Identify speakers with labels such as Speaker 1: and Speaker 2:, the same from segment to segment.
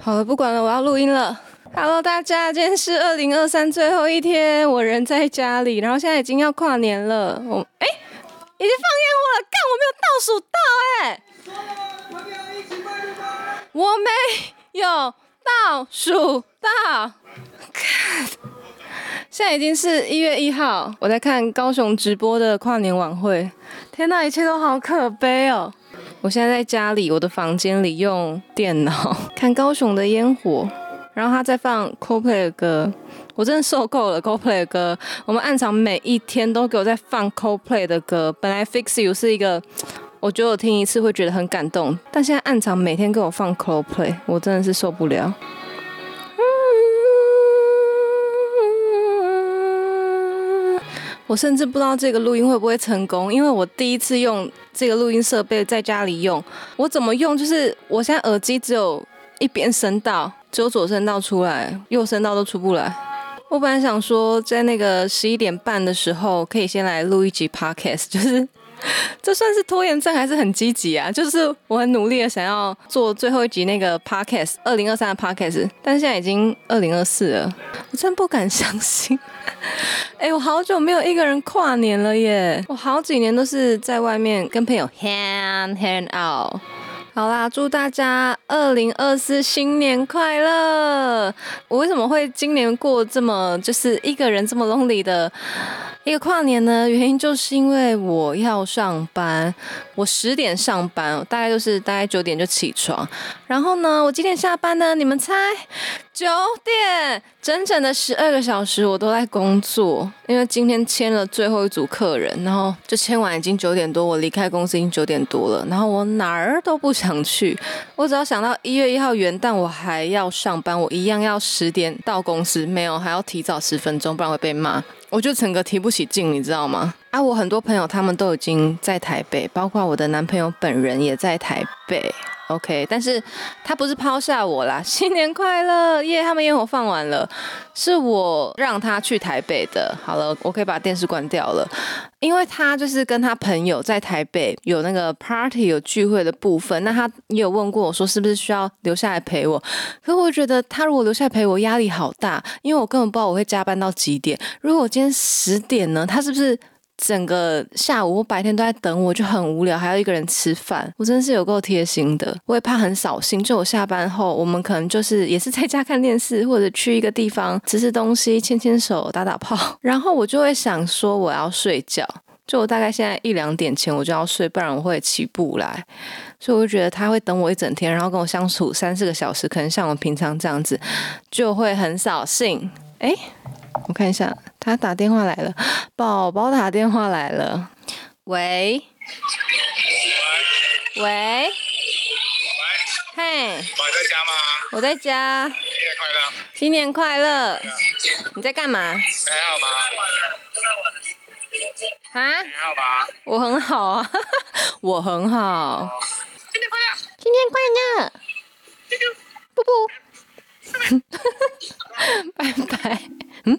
Speaker 1: 好了，不管了，我要錄音了。Hello，大家，今天是二零二三最後一天，我人在家裡，然後現在已經要跨年了。我哎、欸，已經放煙火了，幹我沒有倒數到哎。我沒有倒數到。、欸、到，看，現在已經是一月一號，我在看高雄直播的跨年晚會。天哪、啊，一切都好可悲哦。我現在在家裡，我的房間裡用電腦看高雄的煙火，然後他在放 Coldplay 的歌，我真的受夠了 Coldplay 的歌。我們案場每一天都給我在放 Coldplay 的歌，本來 Fix You 是一個，我覺得我聽一次會覺得很感動，但現在案場每天給我放 Coldplay，我真的是受不了。我甚至不知道這個錄音會不會成功，因為我第一次用這個錄音設備在家裡用，我怎麼用？就是我現在耳機只有一邊聲道，只有左聲道出來，右聲道都出不來。我本來想說在那個十一點半的時候可以先來錄一集 podcast，就是 這算是拖延症還是很積極啊？就是我很努力的想要做最後一集那個 podcast，二零二三的 podcast，但現在已經二零二四了，我真不敢相信。哎、欸，我好久沒有一個人跨年了耶！我好幾年都是在外面跟朋友 hang hang out。Yeah, 好啦，祝大家二零二四新年快樂！我為什麼會今年過這麼就是一個人這麼 lonely 的一個跨年呢？原因就是因為我要上班，我十點上班，大概就是大概九點就起床，然後呢，我幾點下班呢？你們猜？九點，整整的十二個小時我都在工作，因為今天簽了最後一組客人，然後就簽完已經九點多，我離開公司已經九點多了，然後我哪兒都不想。常去，我只要想到一月一號元旦，但我還要上班，我一樣要十點到公司，沒有，還要提早十分鐘，不然會被罵。我就整個提不起勁，你知道嗎？啊，我很多朋友他們都已經在台北，包括我的男朋友本人也在台北。OK，但是他不是拋下我啦！新年快樂耶！Yeah, 他們煙火放完了，是我讓他去台北的。好了，我可以把電視關掉了，因為他就是跟他朋友在台北有那個 party 有聚會的部分。那他也有問過我說，是不是需要留下來陪我？可是我覺得他如果留下來陪我，壓力好大，因為我根本不知道我會加班到幾點。如果我今天十點呢，他是不是？整個下午，我白天都在等我，就很無聊，還要一個人吃飯，我真是有夠貼心的。我也怕很掃興，就我下班後，我們可能就是也是在家看電視，或者去一個地方吃吃東西，牽牽手，打打炮。然後我就會想說我要睡覺，就我大概現在一兩點前我就要睡，不然我會起不來。所以我就覺得他會等我一整天，然後跟我相處三四個小時，可能像我平常這樣子，就會很掃興。哎。我看一下，他打電話來了，寶寶打電話來了，喂，喂，嘿，寶在家嗎？我在家。新年快樂。新年快樂。你在幹嘛？還好嗎？啊？還好吧。我很好啊，我很好。新年快樂。新年快樂。布布，拜拜。嗯，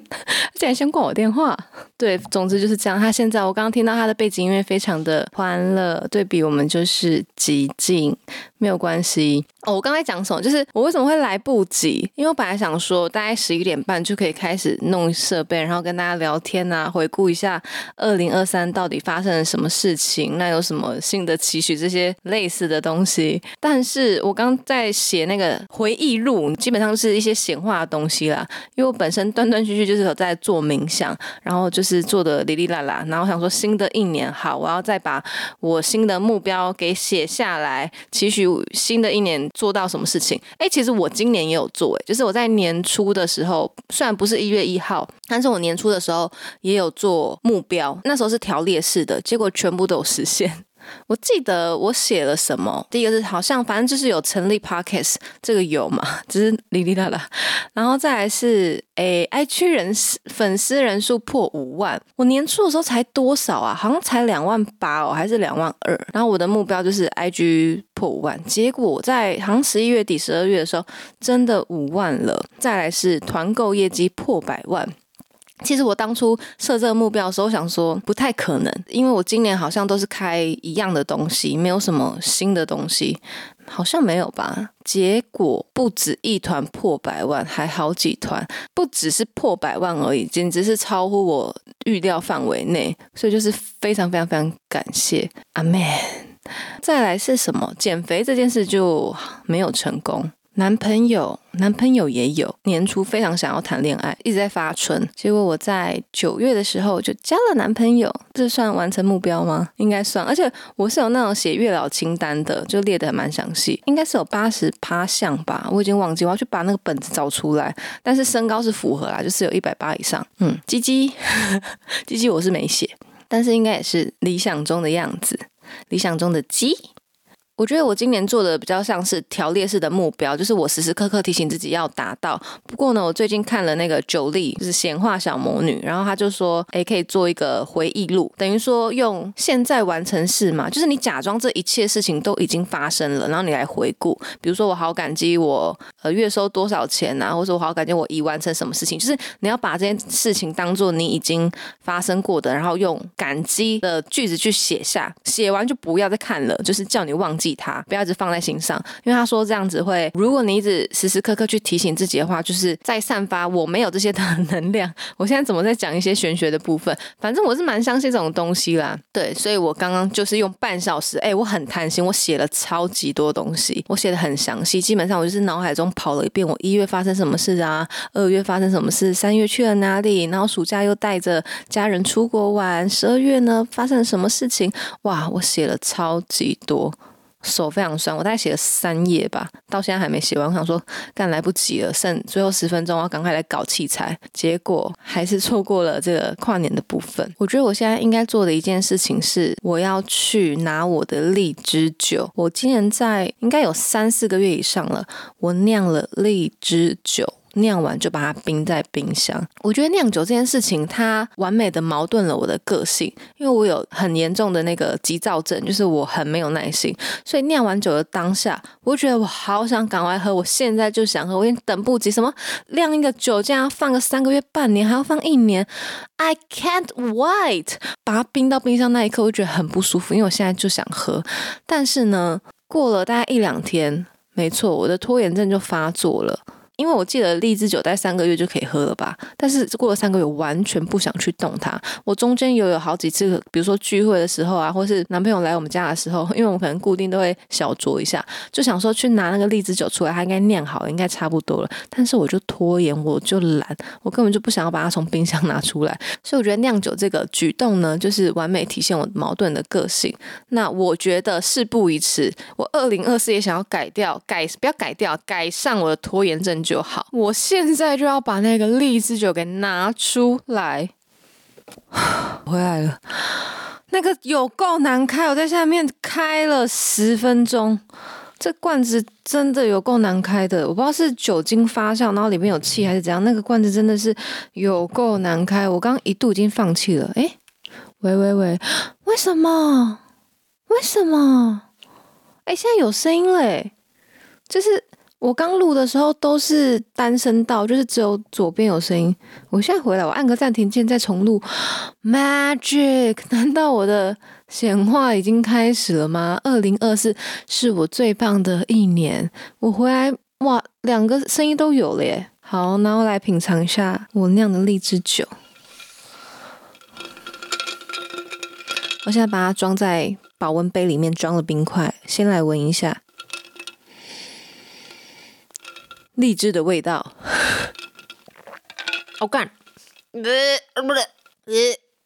Speaker 1: 竟然先掛我電話。對，總之就是這樣。他現在我剛剛聽到他的背景音樂非常的歡樂，對比我們就是寂靜，沒有關係。哦，我剛才講什麼？就是我為什麼會來不及？因為我本來想說大概十一點半就可以開始弄設備，然後跟大家聊天啊，回顧一下二零二三到底發生了什麼事情，那有什麼新的期許這些類似的東西。但是我剛在寫那個回憶錄，基本上是一些閒話的東西啦，因為我本身斷斷續。繼續就是有在做冥想，然後就是做的哩哩啦啦，然後想說新的一年好，我要再把我新的目標給寫下來，期許新的一年做到什麼事情？哎、欸，其實我今年也有做誒、欸，就是我在年初的時候，雖然不是一月一號，但是我年初的時候也有做目標，那時候是條列式的，結果全部都有實現。我記得我寫了什麼？第一個是好像反正就是有成立 podcast 這個有嘛？只是哩哩啦啦。然後再來是誒、欸、IG 人粉絲人數破五萬。我年初的時候才多少啊？好像才兩萬八哦，還是兩萬二？然後我的目標就是 IG 破五萬，結果在好像十一月底、十二月的時候真的五萬了。再來是團購業績破百萬。其實我當初設這個目標的時候，我想說不太可能，因為我今年好像都是開一樣的東西，沒有什麼新的東西，好像沒有吧？結果不止一團破百萬，還好幾團，不只是破百萬而已，簡直是超乎我預料範圍內，所以就是非常非常非常感謝阿妹。再來是什麼？減肥這件事就沒有成功。男朋友，男朋友也有。年初非常想要談戀愛，一直在發春，結果我在九月的時候就交了男朋友。這算完成目標嗎？應該算。而且我是有那種寫月老清單的，就列得還蠻詳細，應該是有八十趴項吧，我已經忘記，我要去把那個本子找出來。但是身高是符合啦，就是有一百八以上。嗯，雞雞，雞 雞我是沒寫，但是應該也是理想中的樣子，理想中的雞。我覺得我今年做的比較像是條列式的目標，就是我時時刻刻提醒自己要達到。不過呢，我最近看了那個 Julie，就是顯化小魔女，然後她就說，誒，可以做一個回憶錄，等於說用現在完成式嘛，就是你假裝這一切事情都已經發生了，然後你來回顧。比如說，我好感激我呃月收多少錢吶、啊，或者我好感激我已完成什麼事情，就是你要把這件事情當做你已經發生過的，然後用感激的句子去寫下，寫完就不要再看了，就是叫你忘記。記他，不要一直放在心上，因為他說這樣子會。如果你一直時時刻刻去提醒自己的話，就是在散發我沒有這些的能量。我現在怎麼在講一些玄學的部分？反正我是蠻相信這種東西啦。對，所以我剛剛就是用半小時。哎，我很貪心，我寫了超級多東西，我寫的很詳細。基本上我就是腦海中跑了一遍：我一月發生什麼事啊？二月發生什麼事？三月去了哪裡？然後暑假又帶着家人出國玩。十二月呢，發生了什麼事情？哇，我寫了超級多。手非常酸，我大概寫了三頁吧，到現在還沒寫完。我想說，幹，來不及了，剩最後十分鐘，我要趕快來搞器材。結果還是錯過了這個跨年的部分。我覺得我現在應該做的一件事情是，我要去拿我的荔枝酒。我今年在應該有三四個月以上了，我釀了荔枝酒。釀完就把它冰在冰箱。我覺得釀酒這件事情，它完美的矛盾了我的個性，因為我有很嚴重的那個急躁症，就是我很沒有耐心。所以釀完酒的當下，我覺得我好想趕快喝，我現在就想喝，我已經等不及。什麼釀一個酒，竟然要放個三個月、半年，還要放一年。I can't wait。把它冰到冰箱那一刻，我就覺得很不舒服，因為我現在就想喝。但是呢，過了大概一兩天，沒錯，我的拖延症就發作了。因為我記得荔枝酒待三個月就可以喝了吧，但是過了三個月我完全不想去動它。我中間也有，有好幾次，比如說聚會的時候啊，或是男朋友來我們家的時候，因為我們可能固定都會小酌一下，就想說去拿那個荔枝酒出來，它應該釀好了，應該差不多了。但是我就拖延，我就懶，我根本就不想要把它從冰箱拿出來。所以我覺得釀酒這個舉動呢，就是完美體現我矛盾的個性。那我覺得事不宜遲，我二零二四也想要改掉，改，不要改掉，改善我的拖延症。就好，我現在就要把那個荔枝酒給拿出來。回來了，那個有夠難開，我在下面開了十分鐘，這罐子真的有夠難開的。我不知道是酒精發酵，然後裡面有氣還是怎樣，那個罐子真的是有夠難開。我剛剛一度已經放棄了。哎、欸，喂喂喂，為什麼？為什麼？哎、欸，現在有聲音了欸。哎，就是。我剛錄的時候都是單聲道，就是只有左邊有聲音。我現在回來，我按個暫停鍵再重錄。Magic，難道我的顯化已經開始了嗎？二零二四是我最棒的一年。我回來，哇，兩個聲音都有了耶！好，那我來品嘗一下我釀的荔枝酒。我現在把它裝在保溫杯裡面，裝了冰塊，先來聞一下。荔枝的味道，好乾，呃，不，呃，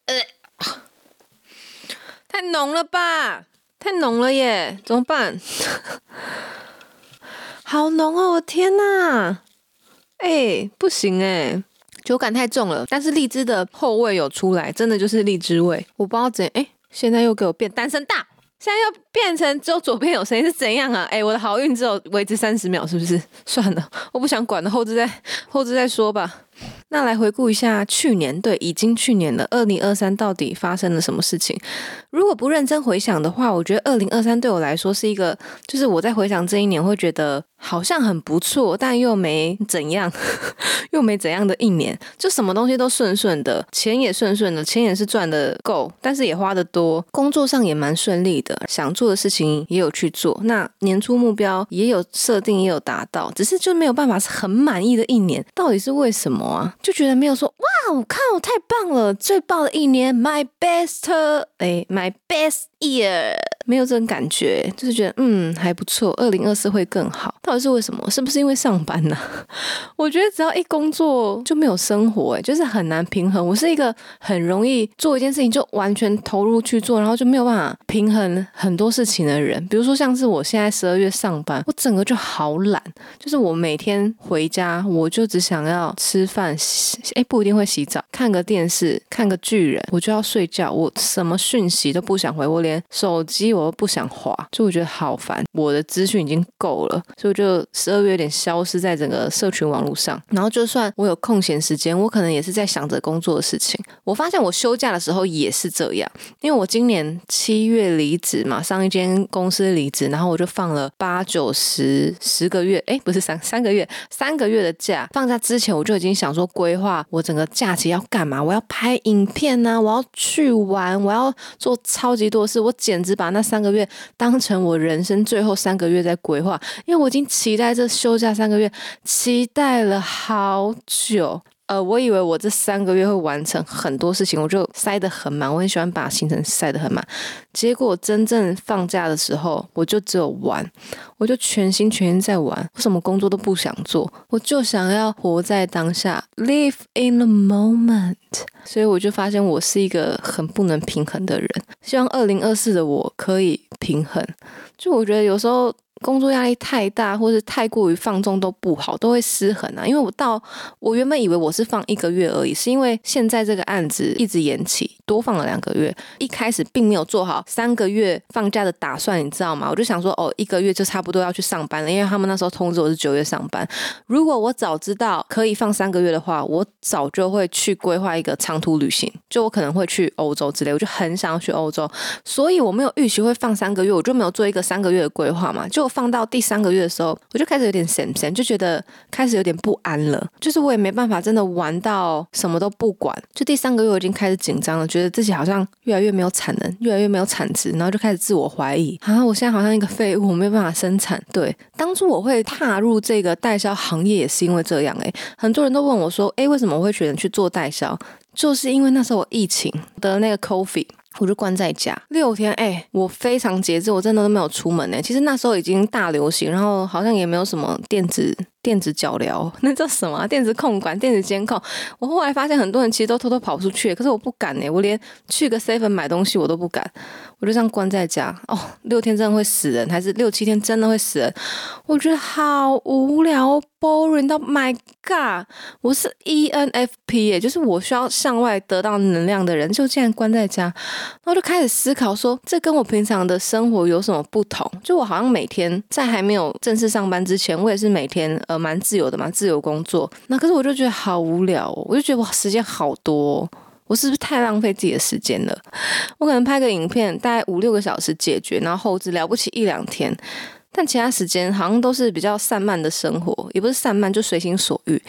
Speaker 1: 呃，太濃了吧，太濃了耶，怎麼辦？好濃哦，我天吶、啊。哎、欸，不行哎、欸，酒感太重了，但是荔枝的後味有出來，真的就是荔枝味，我不知道怎，哎、欸，現在又給我變單身大。現在又變成只有左邊有聲音是怎樣啊？哎、欸，我的好運只有維持三十秒，是不是？算了，我不想管了，後置再後置再說吧。那來回顧一下去年，對，已經去年的二零二三到底發生了什麼事情？如果不認真回想的話，我覺得二零二三對我來說是一個，就是我在回想這一年，會覺得好像很不錯，但又沒怎樣，又沒怎樣的一年。就什麼東西都順順的，錢也順順的，錢也是賺得夠，但是也花得多。工作上也蠻順利的，想做的事情也有去做。那年初目標也有設定，也有達到，只是就沒有辦法很滿意的一年。到底是為什麼？就覺得沒有說哇，我靠，太棒了，最棒的一年，my best，哎，my best。耶，yeah! 沒有這種感覺，就是覺得嗯還不錯。二零二四會更好，到底是為什麼？是不是因為上班呢、啊？我覺得只要一工作就沒有生活、欸，哎，就是很難平衡。我是一個很容易做一件事情就完全投入去做，然後就沒有辦法平衡很多事情的人。比如說像是我現在十二月上班，我整個就好懶，就是我每天回家我就只想要吃飯洗，哎、欸，不一定會洗澡，看個電視，看個巨人，我就要睡覺，我什麼訊息都不想回，我。手機我又不想滑，所以我覺得好煩。我的資訊已經夠了，所以我就十二月有點消失在整個社群網絡上。然後就算我有空閒時間，我可能也是在想着工作的事情。我發現我休假的時候也是這樣，因為我今年七月離職嘛，上一間公司離職，然後我就放了八九十十個月，哎，不是三三個月，三個月的假。放假之前我就已經想說規劃我整個假期要幹嘛。我要拍影片呢、啊，我要去玩，我要做超級多事。我簡直把那三個月當成我人生最後三個月在規劃，因為我已經期待這休假三個月，期待了好久。呃，我以為我這三個月會完成很多事情，我就塞得很滿。我很喜歡把行程塞得很滿，結果真正放假的時候，我就只有玩，我就全心全意在玩，我什麼工作都不想做，我就想要活在當下，live in the moment。所以我就發現我是一個很不能平衡的人。希望二零二四的我可以平衡。就我覺得有時候。工作壓力太大，或是太過於放縱都不好，都會失衡啊。因為我到我原本以為我是放一個月而已，是因為現在這個案子一直延期，多放了兩個月。一開始並沒有做好三個月放假的打算，你知道嗎？我就想說，哦，一個月就差不多要去上班了，因為他們那時候通知我是九月上班。如果我早知道可以放三個月的話，我早就會去規劃一個長途旅行，就我可能會去歐洲之類，我就很想要去歐洲，所以我沒有預期會放三個月，我就沒有做一個三個月的規劃嘛，就。放到第三個月的時候，我就開始有點顯顯，sam, 就覺得開始有點不安了。就是我也沒辦法，真的玩到什麼都不管。就第三個月我已經開始緊張了，覺得自己好像越來越沒有產能，越來越沒有產值，然後就開始自我懷疑啊！我現在好像一個廢物，我沒辦法生產。對，當初我會踏入這個代銷行業也是因為這樣誒、欸，很多人都問我說，誒，為什麼我會選擇去做代銷？就是因為那時候我疫情得了那個 coffee。我就關在家六天，哎、欸，我非常節制，我真的都沒有出門誒、欸，其實那時候已經大流行，然後好像也沒有什麼電子。電子腳鐐，那叫什麼啊？電子控管、電子監控。我後來發現，很多人其實都偷偷跑出去，可是我不敢呢。我連去個 seven 買東西我都不敢。我就這樣關在家哦，六天真的會死人，還是六七天真的會死人？我覺得好無聊，boring 到、oh、my god！我是 ENFP 耶，就是我需要向外得到能量的人，就竟然關在家，然後就開始思考說，這跟我平常的生活有什麼不同？就我好像每天在還沒有正式上班之前，我也是每天呃。蠻自由的嘛，自由工作。那可是我就覺得好無聊哦，我就覺得我時間好多哦，我是不是太浪費自己的時間了？我可能拍個影片大概五六個小時解決，然後後置了不起一兩天，但其他時間好像都是比較散漫的生活，也不是散漫，就隨心所欲。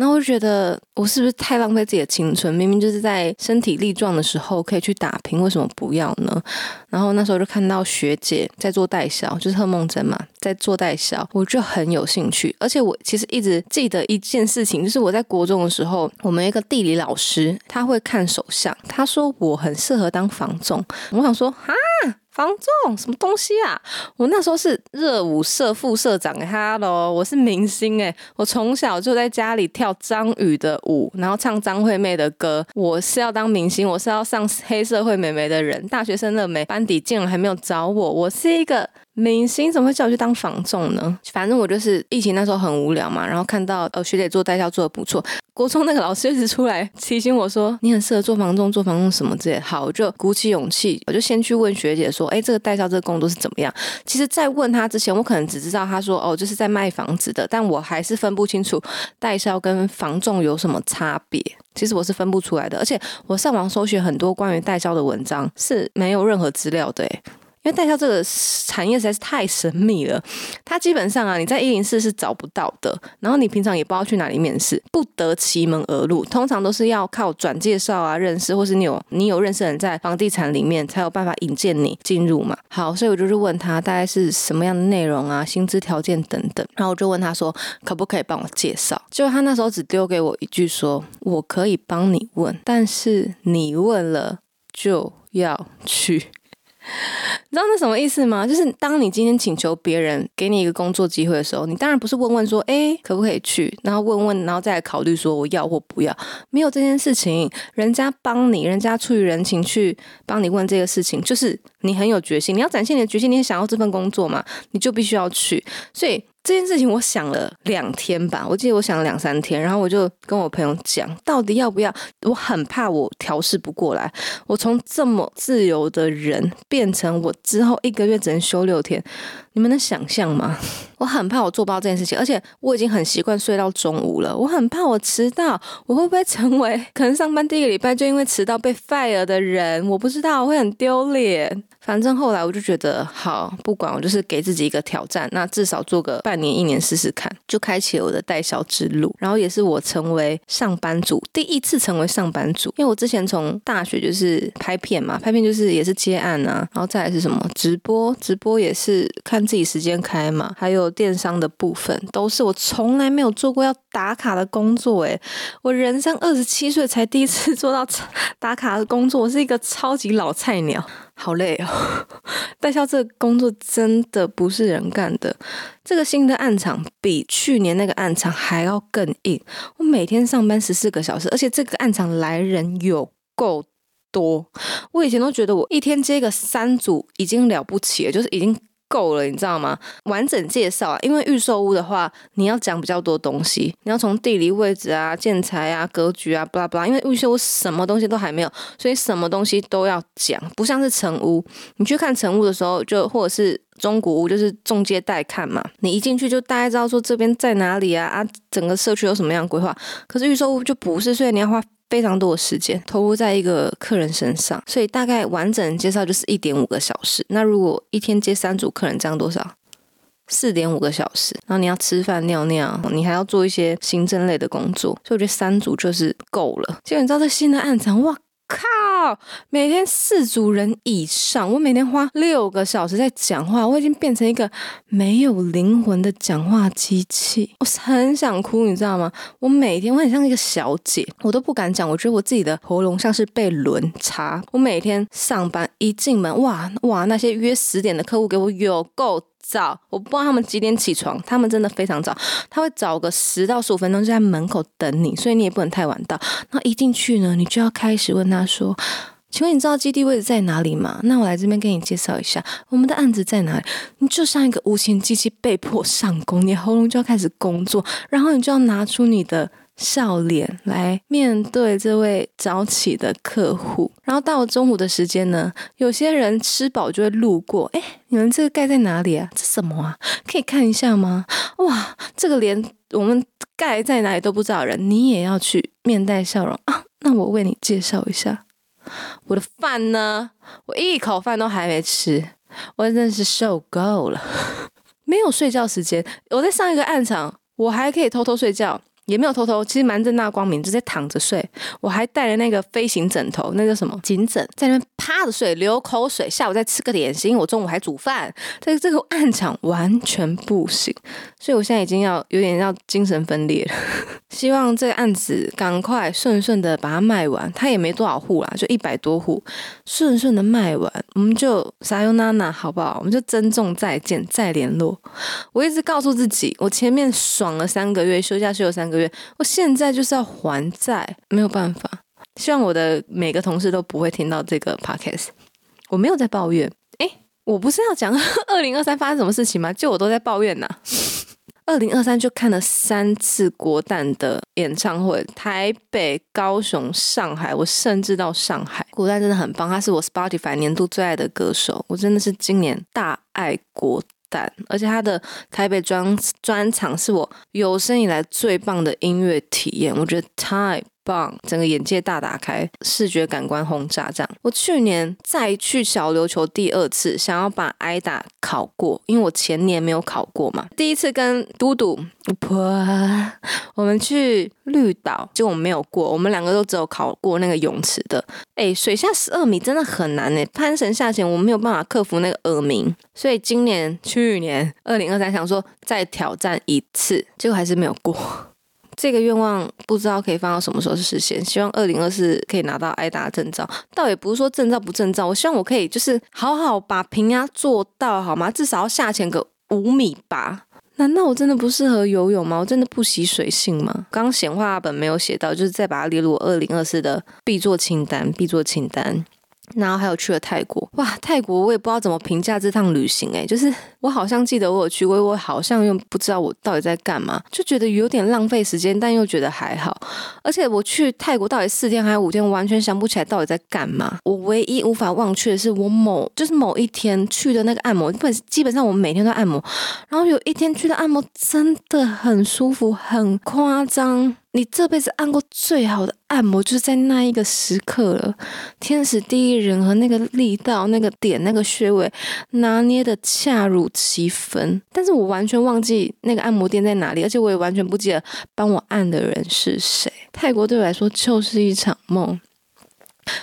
Speaker 1: 然後我就覺得，我是不是太浪費自己的青春？明明就是在身體力壯的時候可以去打拼，為什麼不要呢？然後那時候就看到學姐在做代銷，就是賀夢珍嘛，在做代銷，我就很有興趣。而且我其實一直記得一件事情，就是我在國中的時候，我們一個地理老師他會看手相，他說我很適合當房仲，我想說，啊。房仲什麼東西啊？我那時候是熱舞社副社長、欸。哈嘍，我是明星誒、欸。我從小就在家裡跳張宇的舞，然後唱張惠妹的歌。我是要當明星，我是要上黑澀會美眉的人。大學生了沒班底竟然還沒有找我，我是一個。明星怎麼會叫我去當房仲呢？反正我就是疫情那時候很無聊嘛，然後看到呃、哦、學姐做代銷做得不錯，國中那個老師一直出來提醒我說你很適合做房仲，做房仲什麼之類。好，我就鼓起勇氣，我就先去問學姐說，哎，這個代銷這個工作是怎麼樣？其實，在問她之前，我可能只知道她說哦就是在賣房子的，但我還是分不清楚代銷跟房仲有什麼差別。其實我是分不出來的，而且我上網搜尋很多關於代銷的文章是沒有任何資料的、欸。因為代銷這個產業實在是太神秘了，它基本上啊，你在一零四是找不到的，然後你平常也不知道去哪裡面試，不得其門而入，通常都是要靠轉介紹啊、認識，或是你有你有認識的人在房地產裡面才有辦法引薦你進入嘛。好，所以我就是問他大概是什麼樣的內容啊、薪資條件等等，然後我就問他說可不可以幫我介紹，結果他那時候只丟給我一句說我可以幫你問，但是你問了就要去。你知道那什麼意思嗎？就是當你今天請求別人給你一個工作機會的時候，你當然不是問問說，欸，可不可以去？然後問問，然後再考慮說我要或不要。沒有這件事情，人家幫你，人家出於人情去幫你問這個事情，就是你很有決心，你要展現你的決心，你想要這份工作嘛，你就必須要去。所以。這件事情我想了兩天吧，我記得我想了兩三天，然後我就跟我朋友講，到底要不要？我很怕我調適不過來，我從這麼自由的人變成我之後一個月只能休六天。你們能想象嗎？我很怕我做不到這件事情，而且我已經很習慣睡到中午了。我很怕我遲到，我會不會成為可能上班第一個禮拜就因為遲到被 fire 的人？我不知道，我會很丟臉。反正後來我就覺得好，不管，我就是給自己一個挑戰，那至少做個半年一年試試看，就開啟了我的代銷之路。然後也是我成為上班族，第一次成為上班族，因為我之前從大學就是拍片嘛，拍片就是也是接案啊，然後再來是什麼直播，直播也是看自己時間開嘛，還有電商的部分，都是我從來沒有做過要打卡的工作。誒，我人生二十七歲才第一次做到打卡的工作，我是一個超級老菜鳥，好累哦！代銷這個工作真的不是人幹的。這個新的案場比去年那個案場還要更硬。我每天上班十四個小時，而且這個案場來人有夠多。我以前都覺得我一天接個三組已經了不起了，就是已經。夠了，你知道嗎？完整介紹，啊。因為預售屋的話，你要講比較多東西，你要從地理位置啊、建材啊、格局啊，巴拉巴拉。因為預售屋什麼東西都還沒有，所以什麼東西都要講，不像是成屋。你去看成屋的時候，就或者是中古屋，就是中介帶看嘛，你一進去就大概知道說這邊在哪裡啊啊，整個社區有什麼樣的規劃。可是預售屋就不是，所以你要花。非常多的時間投入在一個客人身上，所以大概完整的介紹就是一點五個小時。那如果一天接三組客人，這樣多少？四點五個小時。然後你要吃飯、尿尿，你還要做一些行政類的工作，所以我覺得三組就是夠了。結果你知道這新的案場，哇靠！每天四組人以上，我每天花六個小時在講話，我已經變成一個沒有靈魂的講話機器，我很想哭，你知道嗎？我每天，我很像一個小姐，我都不敢講，我覺得我自己的喉嚨像是被輪插。我每天上班一進門，哇哇，那些約十點的客戶給我有夠早，我不知道他們幾點起床，他們真的非常早。他會早個十到十五分鐘就在門口等你，所以你也不能太晚到。那一進去呢，你就要開始問他說：“請問你知道基地位置在哪裡嗎？”那我來這邊跟你介紹一下，我們的案子在哪裡。你就像一個無情機器被迫上工，你喉嚨就要開始工作，然後你就要拿出你的。笑臉來面對這位早起的客戶，然後到中午的時間呢，有些人吃飽就會路過，誒，你們這個蓋在哪裡啊？這什麼啊？可以看一下嗎？哇，這個連我們蓋在哪裡都不知道的人，你也要去面帶笑容啊？那我為你介紹一下，我的飯呢？我一口飯都還沒吃，我真的是受夠了。沒有睡覺時間，我在上一個暗場，我還可以偷偷睡覺。也沒有偷偷，其實蠻正大光明，直接躺着睡。我還帶了那個飛行枕頭，那叫什麼頸枕，在那邊趴着睡，流口水。下午再吃個點心，因為我中午還煮飯。這個這個案場完全不行，所以我現在已經要有點要精神分裂了。 希望這個案子趕快順順的把它賣完，它也沒多少戶啦，就一百多戶，順順的賣完，我們就撒尤娜娜，好不好？我們就珍重再見，再聯絡。我一直告訴自己，我前面爽了三個月，休假休了三個月。我現在就是要還債，沒有辦法。希望我的每個同事都不會聽到這個 podcast。我沒有在抱怨，哎，我不是要講二零二三發生什麼事情嗎？就我都在抱怨呢。二零二三就看了三次國蛋的演唱會，台北、高雄、上海，我甚至到上海。國蛋真的很棒，他是我 Spotify 年度最愛的歌手，我真的是今年大愛國但而且他的台北專專場是我有生以來最棒的音樂體驗，我覺得太。整個眼界大打開，視覺感官轟炸這樣。我去年再去小琉球第二次，想要把 AIDA 考過，因為我前年沒有考過嘛。第一次跟嘟嘟，我們去綠島，結果我們沒有過，我們兩個都只有考過那個泳池的。哎，水下十二米真的很難呢，攀繩下潛我們沒有辦法克服那個耳鳴，所以今年、去年二零二三想說再挑戰一次，結果還是沒有過。這個願望不知道可以放到什麼時候實現，希望二零二四可以拿到 AIDA 的證照，倒也不是說證照不證照，我希望我可以就是好好把平壓做到，好嗎？至少要下潛個五米吧？難道我真的不適合游泳嗎？我真的不習水性嗎？剛剛顯化本沒有寫到，就是再把它列入我二零二四的必做清單，必做清單。然後還有去了泰國，哇，泰國我也不知道怎麼評價這趟旅行誒，就是我好像記得我有去過，我我好像又不知道我到底在幹嘛，就覺得有點浪費時間，但又覺得還好。而且我去泰國到底四天還有五天，我完全想不起來到底在幹嘛。我唯一無法忘卻的是我某就是某一天去的那個按摩，基本上我每天都按摩，然後有一天去的按摩真的很舒服，很誇張。你這輩子按過最好的按摩，就是在那一個時刻了。天使第一人和那個力道、那個點、那個穴位，拿捏得恰如其分。但是我完全忘記那個按摩店在哪裡，而且我也完全不記得幫我按的人是誰。泰國對我來說就是一場夢。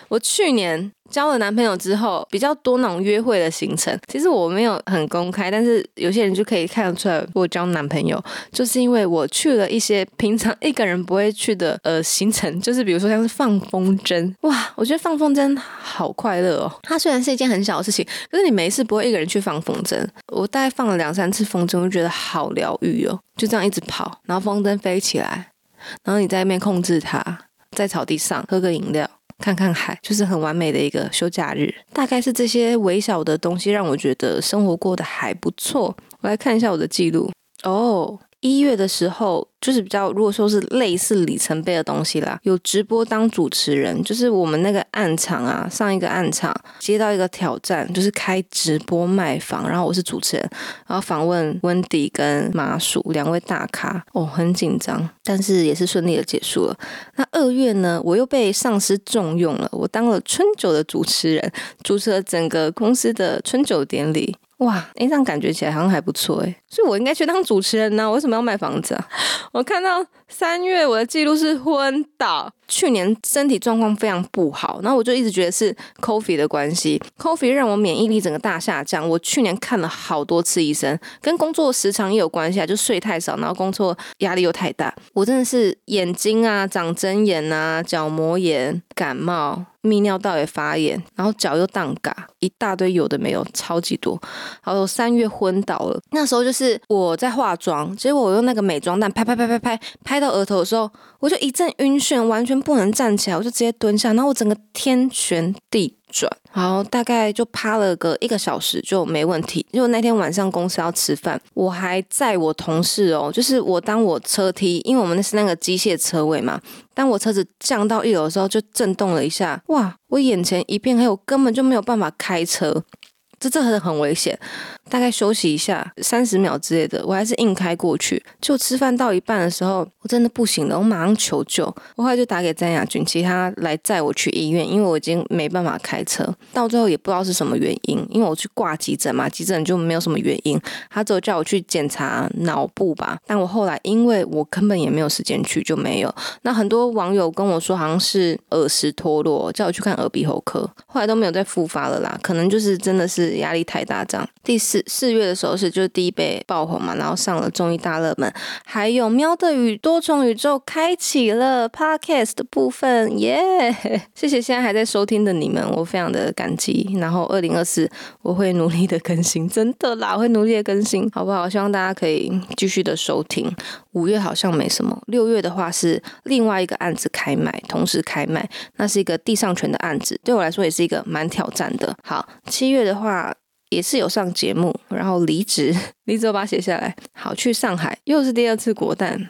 Speaker 1: 我去年交了男朋友之後，比較多那種約會的行程。其實我沒有很公開，但是有些人就可以看得出來。我交男朋友就是因為我去了一些平常一個人不會去的呃行程，就是比如說像是放風箏。哇，我覺得放風箏好快樂哦。它雖然是一件很小的事情，可是你沒事不會一個人去放風箏，我大概放了兩三次風箏，我就覺得好療癒哦。就這樣一直跑，然後風箏飛起來，然後你在那邊控制它，在草地上喝個飲料。看看海，就是很完美的一個休假日。大概是這些微小的東西讓我覺得生活過得還不錯。我來看一下我的記錄哦。Oh. 一月的時候，就是比較，如果說是類似里程碑的東西啦，有直播當主持人，就是我們那個案場啊，上一個案場接到一個挑戰，就是開直播賣房，然後我是主持人，然後訪問溫迪跟麻薯兩位大咖，哦，很緊張，但是也是順利的結束了。那二月呢，我又被上司重用了，我當了春酒的主持人，主持了整個公司的春酒典禮。哇，哎，這樣感覺起來好像還不錯誒，所以我應該去當主持人啊，我為什麼要賣房子啊？我看到三月我的記錄是昏倒，去年身體狀況非常不好，然後我就一直覺得是 Covid 的關係，Covid 讓我免疫力整個大下降。我去年看了好多次醫生，跟工作時長也有關係啊，就睡太少，然後工作壓力又太大，我真的是眼睛啊長針眼啊，角膜炎，感冒。泌尿道也發炎，然後腳又蕩嘎，一大堆有的沒有，超級多。然後三月昏倒了，那時候就是我在化妝，結果我用那個美妝蛋拍拍拍拍拍，拍到額頭的時候，我就一陣暈眩，完全不能站起來，我就直接蹲下，然後我整個天旋地轉。好，大概就趴了個一個小時就沒問題。因為那天晚上公司要吃飯，我還載我同事哦，就是我當我車梯，因為我們那是那個機械車位嘛。當我車子降到一樓的時候，就震動了一下，哇！我眼前一片黑，我根本就沒有辦法開車。這這很很危險，大概休息一下三十秒之類的，我還是硬開過去。就吃飯到一半的時候，我真的不行了，我馬上求救。我後來就打給詹雅君，請他來載我去醫院，因為我已經沒辦法開車。到最後也不知道是什麼原因，因為我去掛急診嘛，急診就沒有什麼原因。他只有叫我去檢查腦部吧，但我後來因為我根本也沒有時間去，就沒有。那很多網友跟我說，好像是耳石脫落，叫我去看耳鼻喉科。後來都沒有再復發了啦，可能就是真的是。壓力太大，這樣第四四月的時候是就是第一杯爆紅嘛，然後上了綜藝大熱門，還有喵的宇宙多重宇宙開啟了 podcast 的部分耶，yeah! 謝謝現在還在收聽的你們，我非常的感激。然後二零二四我會努力的更新，真的啦，我會努力的更新，好不好？希望大家可以繼續的收聽。五月好像沒什麼，六月的話是另外一個案子開賣，同時開賣，那是一個地上權的案子，對我來說也是一個蠻挑戰的。好，七月的話。也是有上節目，然後離職，離職我把它寫下來。好，去上海，又是第二次國誕。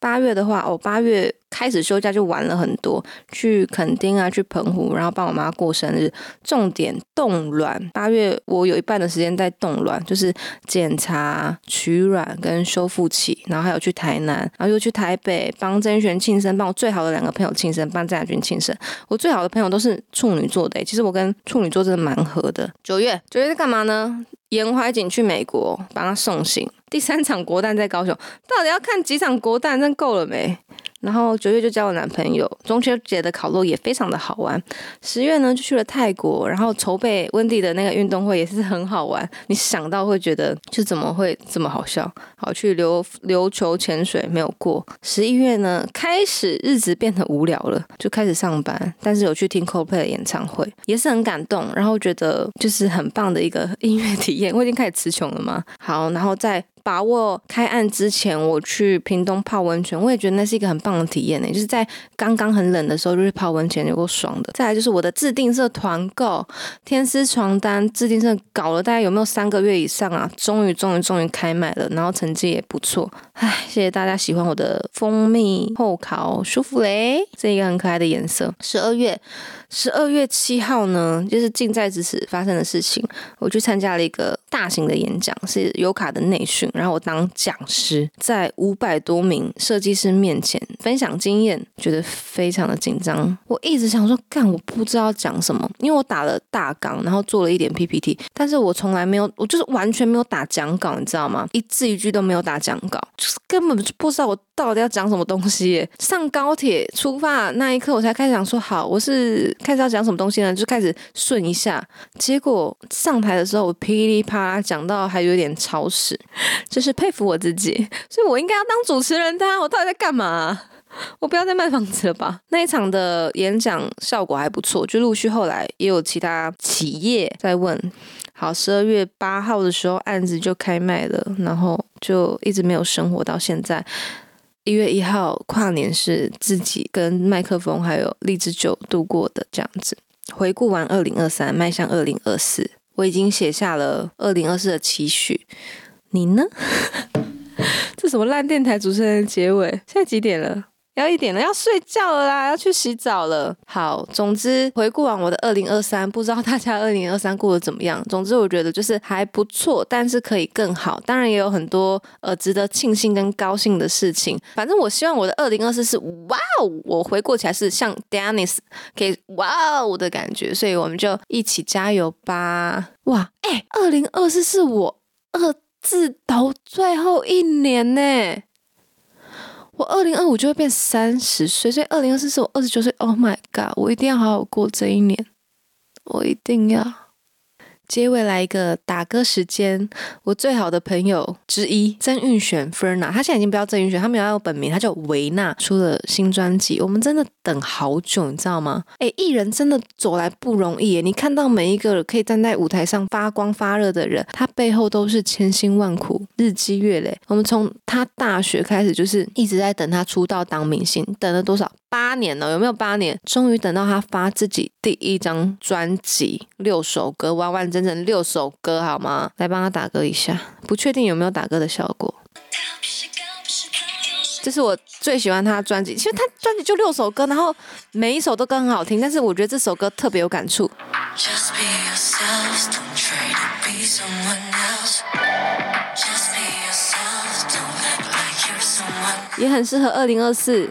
Speaker 1: 八月的話，我、哦、八月開始休假就玩了很多，去墾丁啊，去澎湖，然後幫我媽過生日。重點凍卵，八月我有一半的時間在凍卵，就是檢查、取卵跟修復期，然後還有去台南，然後又去台北幫曾璇慶生，幫我最好的兩個朋友慶生，幫張雅君慶生。我最好的朋友都是處女座的，其實我跟處女座真的蠻合的。九月，九月在幹嘛呢？沿懷景去美國幫她送行。第三場國蛋在高雄，到底要看幾場國蛋真夠了沒？然後九月就交了男朋友，中秋節的烤肉也非常的好玩。十月呢就去了泰國，然後籌備溫蒂的那個運動會也是很好玩。你想到會覺得就怎麼會這麼好笑？好，去琉琉球潛水沒有過。十一月呢開始日子變得無聊了，就開始上班，但是有去聽 Coldplay 的演唱會，也是很感動，然後覺得就是很棒的一個音樂體驗。我已經開始詞窮了嗎？好，然後在。把握開案之前，我去屏東泡溫泉，我也覺得那是一個很棒的體驗呢、欸。就是在剛剛很冷的時候，就是泡溫泉就夠爽的。再來就是我的自定色團購天絲床單，自定色搞了大概有沒有三個月以上啊？終於終於終於開賣了，然後成績也不錯。唉，謝謝大家喜歡我的蜂蜜厚烤舒芙蕾，這一個很可愛的顏色。十二月，十二月七號呢，就是近在咫尺發生的事情，我去參加了一個大型的演講，是優卡的內訓。然後我當講師，在五百多名設計師面前分享經驗，覺得非常的緊張。我一直想說，幹，我不知道講什麼，因為我打了大綱，然後做了一點 PPT，但是我從來沒有，我就是完全沒有打講稿，你知道嗎？一字一句都沒有打講稿，就是根本就不知道我到底要講什麼東西。上高鐵出發那一刻，我才開始想說，好，我是開始要講什麼東西呢？就開始順一下。結果上台的時候，我噼裡啪啦講到還有點超時。就是佩服我自己，所以我應該要當主持人的啊。我到底在幹嘛啊？我不要再賣房子了吧？那一場的演講效果還不錯，就陸續後來也有其他企業在問。好，十二月八號的時候案子就開賣了，然後就一直沒有生活到現在。一月一號跨年是自己跟麥克風還有荔枝酒度過的這樣子。回顧完二零二三，邁向二零二四，我已經寫下了二零二四的期許。你呢？ 這什麼爛電台主持人結尾？現在幾點了？要一點了，要睡覺了啦，要去洗澡了。好，總之回顧完我的二零二三，不知道大家二零二三過得怎麼樣？總之我覺得就是還不錯，但是可以更好。當然也有很多呃值得慶幸跟高興的事情。反正我希望我的二零二四是哇哦，我回顧起來是像 Dennis 可以哇哦的感覺，所以我們就一起加油吧！哇，哎、欸，二零二四是我二。字頭最後一年呢，我二零二五就會變三十歲，所以二零二四是我二十九歲。Oh my God，我一定要好好過這一年，我一定要。接下來一個打歌時間，我最好的朋友之一曾允璇 Fern，他現在已經不叫曾允璇，他沒有要本名，他叫維納出了新專輯，我們真的等好久，你知道嗎？哎，藝人真的走來不容易，你看到每一個可以站在舞台上發光發熱的人，他背後都是千辛萬苦、日積月累。我們從他大學開始，就是一直在等他出道當明星，等了多少？八年了，哦，有沒有八年？終於等到他發自己第一張專輯，六首歌，完完整整六首歌，好嗎？來幫他打歌一下，不確定有沒有打歌的效果。 這是我最喜歡他的專輯，其實他專輯就六首歌，然後每一首都歌很好聽，但是我覺得這首歌特別有感觸，也很適合二零二四。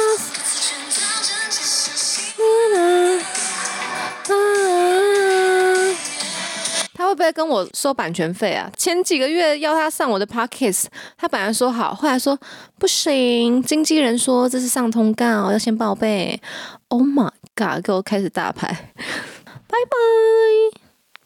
Speaker 1: 會不會跟我收版權費啊？前幾個月要他上我的 p o k c i s t 他本來說好，後來說不行。經紀人說這是上通告，我要先報備。Oh my god，給我開始打牌，拜 拜。